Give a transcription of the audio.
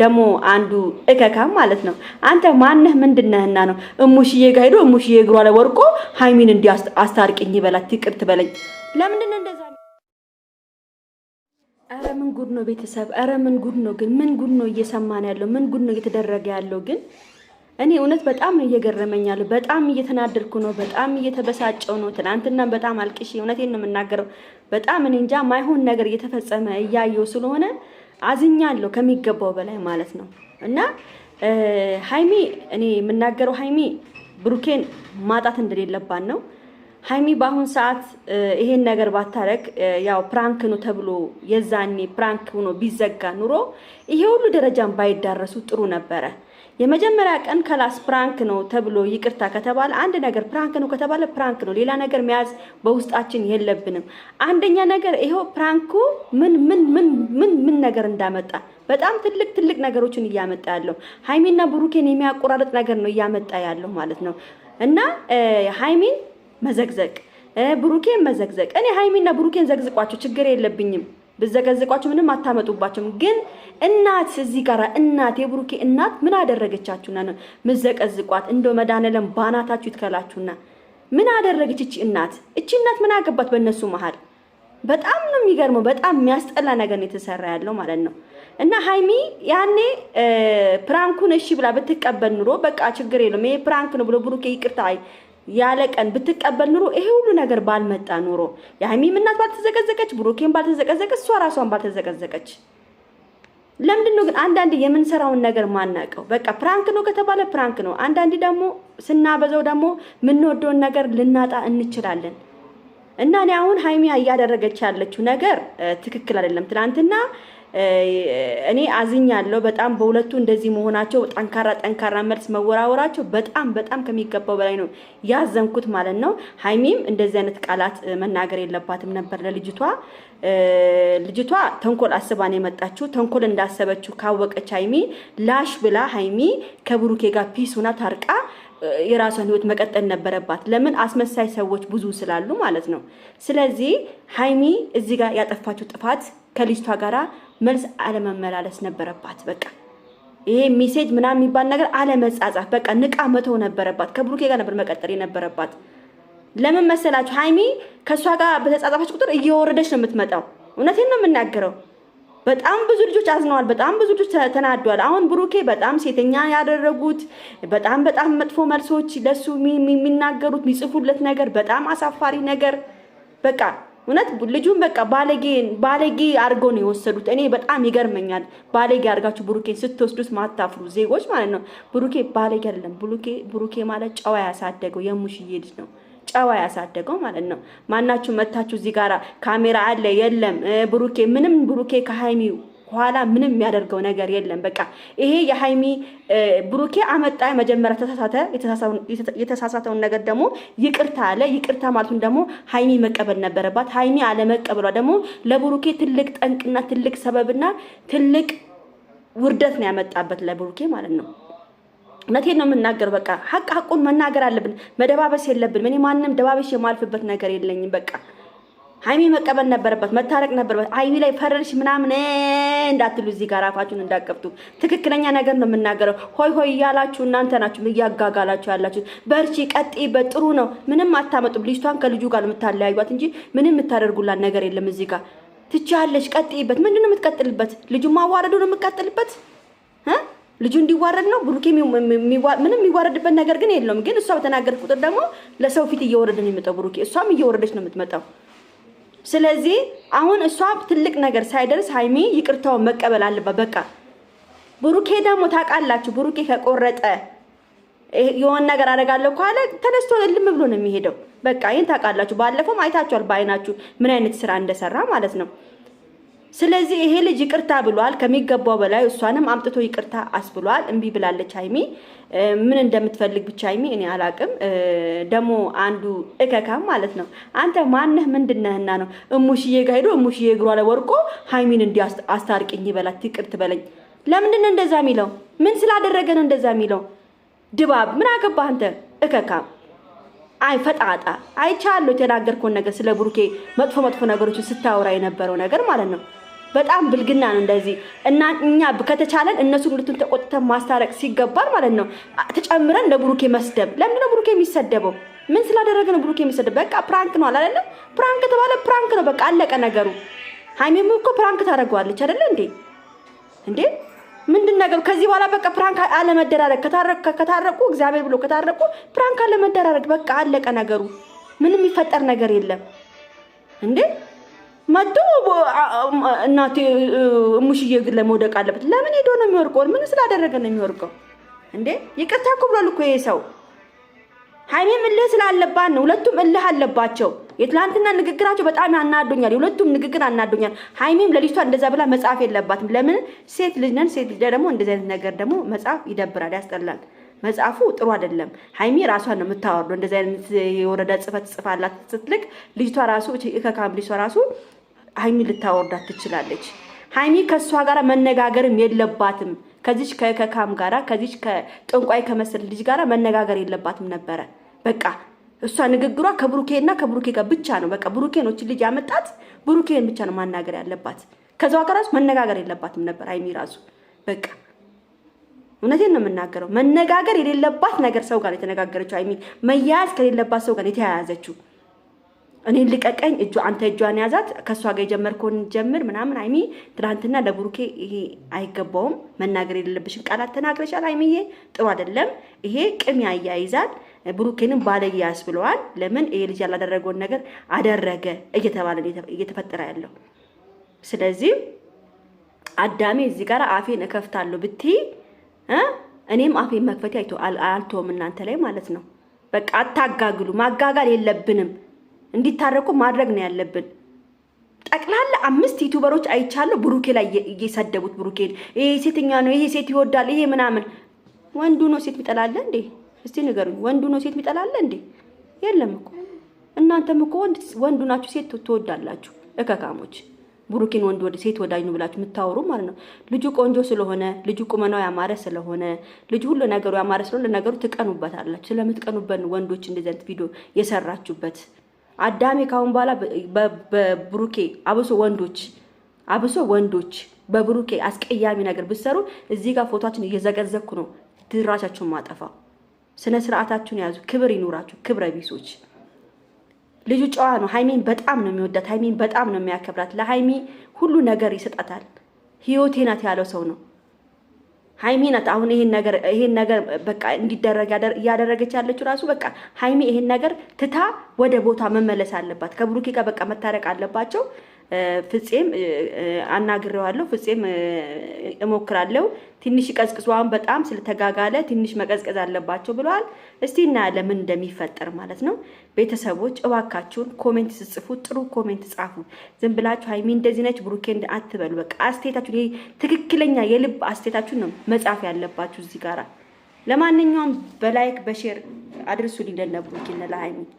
ደግሞ አንዱ እከካም ማለት ነው። አንተ ማነህ ምንድነህና ነው እሙሽዬ ጋር ሄዶ እሙሽዬ እግሯ ላይ ወርቆ ሀይሚን እንዲ አስታርቅኝ ይበላት ይቅር ትበለኝ። ለምንድን እንደዛ? አረ ምን ጉድ ነው ቤተሰብ! አረ ምን ጉድ ነው ግን! ምን ጉድ ነው እየሰማን ያለው? ምን ጉድ ነው እየተደረገ ያለው ግን እኔ እውነት በጣም እየገረመኝ ያለው በጣም እየተናደድኩ ነው። በጣም እየተበሳጨው ነው። ትናንትና በጣም አልቅሽ እውነቴን ነው የምናገረው። በጣም እኔ እንጃ ማይሆን ነገር እየተፈጸመ እያየው ስለሆነ አዝኛለሁ ከሚገባው በላይ ማለት ነው። እና ሀይሚ እኔ የምናገረው ሀይሚ ብሩኬን ማጣት እንደሌለባት ነው። ሀይሚ በአሁን ሰዓት ይሄን ነገር ባታረግ ያው ፕራንክ ነው ተብሎ የዛኔ ፕራንክ ሆኖ ቢዘጋ ኑሮ ይሄ ሁሉ ደረጃን ባይዳረሱ ጥሩ ነበረ። የመጀመሪያ ቀን ከላስ ፕራንክ ነው ተብሎ ይቅርታ ከተባለ አንድ ነገር ፕራንክ ነው ከተባለ ፕራንክ ነው። ሌላ ነገር መያዝ በውስጣችን የለብንም። አንደኛ ነገር ይሄው ፕራንኩ ምን ምን ምን ምን ምን ነገር እንዳመጣ በጣም ትልቅ ትልቅ ነገሮችን እያመጣ ያለው ሀይሚና ብሩኬን የሚያቆራረጥ ነገር ነው እያመጣ ያለው ማለት ነው እና ሀይሚን መዘግዘቅ ብሩኬን መዘግዘቅ። እኔ ሀይሚና ብሩኬን ዘግዝቋቸው ችግር የለብኝም። ብዘገዝቋቸው ምንም አታመጡባቸውም። ግን እናት እዚህ ጋር እናት የብሩኬ እናት ምን አደረገቻችሁና ነው ምዘቀዝቋት? እንደ መድኃኒዓለም ባናታችሁ ይትከላችሁና ምን አደረገች እቺ እናት? እቺ እናት ምን አገባት በእነሱ መሀል? በጣም ነው የሚገርመው። በጣም የሚያስጠላ ነገር ነው የተሰራ ያለው ማለት ነው። እና ሀይሚ ያኔ ፕራንኩን እሺ ብላ ብትቀበል ኑሮ በቃ ችግር የለውም ይሄ ፕራንክ ነው ብሎ ብሩኬ ይቅርታ ያለ ቀን ብትቀበል ኑሮ ይሄ ሁሉ ነገር ባልመጣ ኑሮ የሀይሚም እናት ባልተዘቀዘቀች፣ ብሩኬን ባልተዘቀዘቀች፣ እሷ ራሷን ባልተዘቀዘቀች። ለምንድን ነው ግን አንዳንዴ የምንሰራውን ነገር ማናቀው? በቃ ፕራንክ ነው ከተባለ ፕራንክ ነው። አንዳንዴ ደግሞ ስናበዛው ደግሞ የምንወደውን ነገር ልናጣ እንችላለን። እና እኔ አሁን ሀይሚ እያደረገች ያለችው ነገር ትክክል አይደለም። ትናንትና እኔ አዝኛለሁ በጣም በሁለቱ እንደዚህ መሆናቸው ጠንካራ ጠንካራ መልስ መወራወራቸው በጣም በጣም ከሚገባው በላይ ነው ያዘንኩት ማለት ነው። ሀይሚም እንደዚህ አይነት ቃላት መናገር የለባትም ነበር ለልጅቷ። ልጅቷ ተንኮል አስባን የመጣችው ተንኮል እንዳሰበችው ካወቀች ሀይሚ ላሽ ብላ ሀይሚ ከብሩኬ ጋር ፒስ ሆና ታርቃ የራሷን ህይወት መቀጠል ነበረባት። ለምን አስመሳይ ሰዎች ብዙ ስላሉ ማለት ነው። ስለዚህ ሀይሚ እዚህ ጋር ያጠፋችው ጥፋት ከልጅቷ ጋራ መልስ አለመመላለስ ነበረባት። በቃ ይሄ ሜሴጅ ምናምን የሚባል ነገር አለመጻጻፍ፣ በቃ ንቃ መተው ነበረባት። ከብሩኬ ጋር ነበር መቀጠል የነበረባት። ለምን መሰላችሁ? ሀይሚ ከእሷ ጋር በተጻጻፈች ቁጥር እየወረደች ነው የምትመጣው። እውነቴን ነው የምናገረው። በጣም ብዙ ልጆች አዝነዋል። በጣም ብዙ ልጆች ተናዷል። አሁን ብሩኬ በጣም ሴተኛ ያደረጉት በጣም በጣም መጥፎ መልሶች ለሱ የሚናገሩት የሚጽፉለት ነገር በጣም አሳፋሪ ነገር በቃ እውነት ልጁን በቃ ባለጌ ባለጌ አድርገው ነው የወሰዱት። እኔ በጣም ይገርመኛል። ባለጌ አድርጋችሁ ብሩኬ ስትወስዱት ማታፍሩ ዜጎች ማለት ነው። ብሩኬ ባለጌ አይደለም። ብሩኬ ብሩኬ ማለት ጨዋ ያሳደገው የሙሽዬ ልጅ ነው። ጨዋ ያሳደገው ማለት ነው። ማናችሁ መታችሁ እዚህ ጋራ ካሜራ አለ የለም ብሩኬ ምንም ብሩኬ ከሀይሚው ከኋላ ምንም የሚያደርገው ነገር የለም። በቃ ይሄ የሀይሚ ብሩኬ አመጣ መጀመሪያ ተሳሳተ። የተሳሳተውን ነገር ደግሞ ይቅርታ አለ። ይቅርታ ማለቱን ደግሞ ሀይሚ መቀበል ነበረባት። ሀይሚ አለመቀበሏ ደግሞ ለብሩኬ ትልቅ ጠንቅና ትልቅ ሰበብና ትልቅ ውርደት ነው ያመጣበት ለብሩኬ ማለት ነው። እውነቴን ነው የምናገር። በቃ ሀቅ ሀቁን መናገር አለብን። መደባበስ የለብን። እኔ ማንም ደባበስ የማልፍበት ነገር የለኝም በቃ ሀይሚ መቀበል ነበረበት፣ መታረቅ ነበረበት። ሀይሚ ላይ ፈረድሽ ምናምን እንዳትሉ እዚህ ጋር አፋችሁን እንዳትከፍቱ። ትክክለኛ ነገር ነው የምናገረው። ሆይ ሆይ እያላችሁ እናንተ ናችሁ እያጋጋላችሁ ያላችሁ። በርቺ፣ ቀጥይበት፣ ጥሩ ነው። ምንም አታመጡም። ልጅቷን ከልጁ ጋር የምታለያዩት እንጂ ምንም የምታደርጉላት ነገር የለም። እዚህ ጋር ትችያለሽ፣ ቀጥይበት። ምንድን ነው የምትቀጥልበት? ልጁ ማዋረዱ ነው የምትቀጥልበት ልጁ እንዲዋረድ ነው ብሩኬ። ምንም የሚዋረድበት ነገር ግን የለውም። ግን እሷ በተናገረች ቁጥር ደግሞ ለሰው ፊት እየወረደ ነው የሚመጣው ብሩኬ። እሷም እየወረደች ነው የምትመጣው። ስለዚህ አሁን እሷ ትልቅ ነገር ሳይደርስ ሀይሚ ይቅርታውን መቀበል አለባት። በቃ ብሩኬ ደግሞ ታውቃላችሁ፣ ብሩኬ ከቆረጠ የሆን ነገር አደርጋለሁ ካለ ተነስቶ ልም ብሎ ነው የሚሄደው። በቃ ይህን ታውቃላችሁ፣ ባለፈውም አይታችኋል በአይናችሁ ምን አይነት ስራ እንደሰራ ማለት ነው። ስለዚህ ይሄ ልጅ ይቅርታ ብሏል። ከሚገባው በላይ እሷንም አምጥቶ ይቅርታ አስብሏል። እምቢ ብላለች ሀይሚ። ምን እንደምትፈልግ ብቻ ሀይሚ እኔ አላቅም። ደግሞ አንዱ እከካም ማለት ነው አንተ ማነህ ምንድነህና ነው እሙሽዬ ጋ ሄዶ እሙሽዬ እግሯ ላይ ወርቆ ሀይሚን እንዲ አስታርቅኝ ይበላት ይቅርት በለኝ። ለምንድን ነው እንደዛ የሚለው? ምን ስላደረገ ነው እንደዛ የሚለው? ድባብ ምን አገባህ አንተ እከካም አይ ፈጣጣ አይቻለሁ የተናገርከውን ነገር ስለ ብሩኬ መጥፎ መጥፎ ነገሮችን ስታወራ የነበረው ነገር ማለት ነው። በጣም ብልግና ነው እንደዚህ እና እኛ ከተቻለን እነሱ ሁለቱን ተቆጥተን ማስታረቅ ሲገባል ማለት ነው። ተጨምረን ለብሩኬ መስደብ። ለምንድን ነው ብሩኬ የሚሰደበው? ምን ስላደረገ ነው ብሩኬ የሚሰደብ? በቃ ፕራንክ ነው አላለም። ፕራንክ ተባለ ፕራንክ ነው። በቃ አለቀ ነገሩ። ሀይሜም እኮ ፕራንክ ታደርገዋለች አደለ እንዴ? እንዴ ምንድን ነገሩ? ከዚህ በኋላ በቃ ፕራንክ አለመደራረግ። ከታረቁ እግዚአብሔር ብሎ ከታረቁ ፕራንክ አለመደራረግ። በቃ አለቀ ነገሩ። ምንም የሚፈጠር ነገር የለም እንዴ መቶ እናቴ እሙሽዬ እግር ላይ መውደቅ አለበት። ለምን ሄዶ ነው የሚወርቀው? ምን ስላደረገ ነው የሚወርቀው? እንዴ ይቅርታ እኮ ብሏል እኮ ይሄ ሰው። ሀይሜም እልህ ስላለባት ነው። ሁለቱም እልህ አለባቸው። የትላንትና ንግግራቸው በጣም አናዶኛል። የሁለቱም ንግግር አናዶኛል። ሀይሜም ለልጅቷ እንደዛ ብላ መጻፍ የለባትም። ለምን ሴት ልጅ ነን። ሴት ልጅ ደግሞ እንደዚህ አይነት ነገር ደግሞ መጻፍ ይደብራል፣ ያስጠላል። መጽሐፉ ጥሩ አይደለም። ሀይሚ ራሷ ነው የምታወርደው። እንደዚህ አይነት የወረዳ ጽፈት ጽፋላት ስትልቅ ልጅቷ ራሱ ልጅቷ ራሱ ሀይሚ ልታወርዳት ትችላለች። ሀይሚ ከእሷ ጋር መነጋገርም የለባትም። ከዚች ከካም ጋራ ከዚች ከጥንቋይ ከመሰል ልጅ ጋራ መነጋገር የለባትም ነበረ። በቃ እሷ ንግግሯ ከብሩኬና ከብሩኬ ጋር ብቻ ነው። በቃ ብሩኬ ነው እችን ልጅ ያመጣት፣ ብሩኬን ብቻ ነው ማናገር ያለባት። ከዛው ጋር ራሱ መነጋገር የለባትም ነበር ሀይሚ ራሱ በቃ እውነቴን ነው የምናገረው። መነጋገር የሌለባት ነገር ሰው ጋር የተነጋገረችው ሀይሚ መያያዝ ከሌለባት ሰው ጋር የተያያዘችው እኔን ልቀቀኝ፣ እጇ አንተ እጇን ያዛት፣ ከእሷ ጋር የጀመርከውን ጀምር ምናምን። አይሚ ትናንትና ለብሩኬ ይሄ አይገባውም፣ መናገር የሌለብሽን ቃላት ተናግረሻል አይሚዬ፣ ጥሩ አይደለም። ይሄ ቅም ያያይዛል፣ ብሩኬንም ባለጌ ያስብለዋል። ለምን ይሄ ልጅ ያላደረገውን ነገር አደረገ እየተባለ እየተፈጠረ ያለው ስለዚህ አዳሜ እዚህ ጋር አፌን እከፍታለሁ ብትይ እኔም አፌን መክፈቴ አልቶም እናንተ ላይ ማለት ነው። በቃ አታጋግሉ፣ ማጋጋል የለብንም። እንዲታረቁ ማድረግ ነው ያለብን። ጠቅላላ አምስት ዩቱበሮች አይቻለሁ ብሩኬ ላይ እየሰደቡት ብሩኬን፣ ይሄ ሴትኛ ነው፣ ይሄ ሴት ይወዳል፣ ይሄ ምናምን። ወንዱ ነው ሴት ሚጠላለ እንዴ? እስቲ ንገሩኝ፣ ወንዱ ነው ሴት ሚጠላለ እንዴ? የለም እኮ እናንተም እኮ ወንዱ ናችሁ ሴት ትወዳላችሁ። እከካሞች ብሩኬን ወንድ ወደ ሴት ወዳጅ ነው ብላችሁ የምታወሩ ማለት ነው። ልጁ ቆንጆ ስለሆነ ልጁ ቁመናው ያማረ ስለሆነ ልጁ ሁሉ ነገሩ ያማረ ስለሆነ ለነገሩ ትቀኑበታላችሁ። ስለምትቀኑበት ነው ወንዶች እንደዚህ አይነት ቪዲዮ የሰራችሁበት። አዳሜ ካሁን በኋላ በብሩኬ አብሶ ወንዶች አብሶ ወንዶች በብሩኬ አስቀያሚ ነገር ብትሰሩ እዚህ ጋር ፎቶችን እየዘገዘኩ ነው ድራሻችሁን ማጠፋ። ስነ ስርዓታችሁን ያዙ። ክብር ይኑራችሁ፣ ክብረ ቢሶች። ልጁ ጨዋ ነው። ሀይሚን በጣም ነው የሚወዳት። ሀይሜን በጣም ነው የሚያከብራት። ለሀይሜ ሁሉ ነገር ይሰጣታል። ህይወቴ ናት ያለው ሰው ነው። ሀይሚ ናት። አሁን ይሄን ነገር ይሄን ነገር በቃ እንዲደረግ እያደረገች ያለችው ራሱ በቃ ሀይሚ ይሄን ነገር ትታ ወደ ቦታ መመለስ አለባት። ከብሩኬ ጋር በቃ መታረቅ አለባቸው። ፍፄም አናግሬዋለሁ። ፍፄም እሞክራለሁ ትንሽ ቀዝቅዙ፣ አሁን በጣም ስለተጋጋለ ትንሽ መቀዝቀዝ አለባቸው ብለዋል። እስቲ እናያለን ምን እንደሚፈጠር ማለት ነው። ቤተሰቦች እባካችሁን ኮሜንት ስጽፉ ጥሩ ኮሜንት ጻፉ። ዝም ብላችሁ ሀይሚ እንደዚህ ነች ብሩኬ አትበሉ። በቃ አስቴታችሁን፣ ይሄ ትክክለኛ የልብ አስቴታችሁን ነው መጻፍ ያለባችሁ እዚህ ጋራ። ለማንኛውም በላይክ በሼር አድርሱ ሊለነብሩኪ ለሀይሚ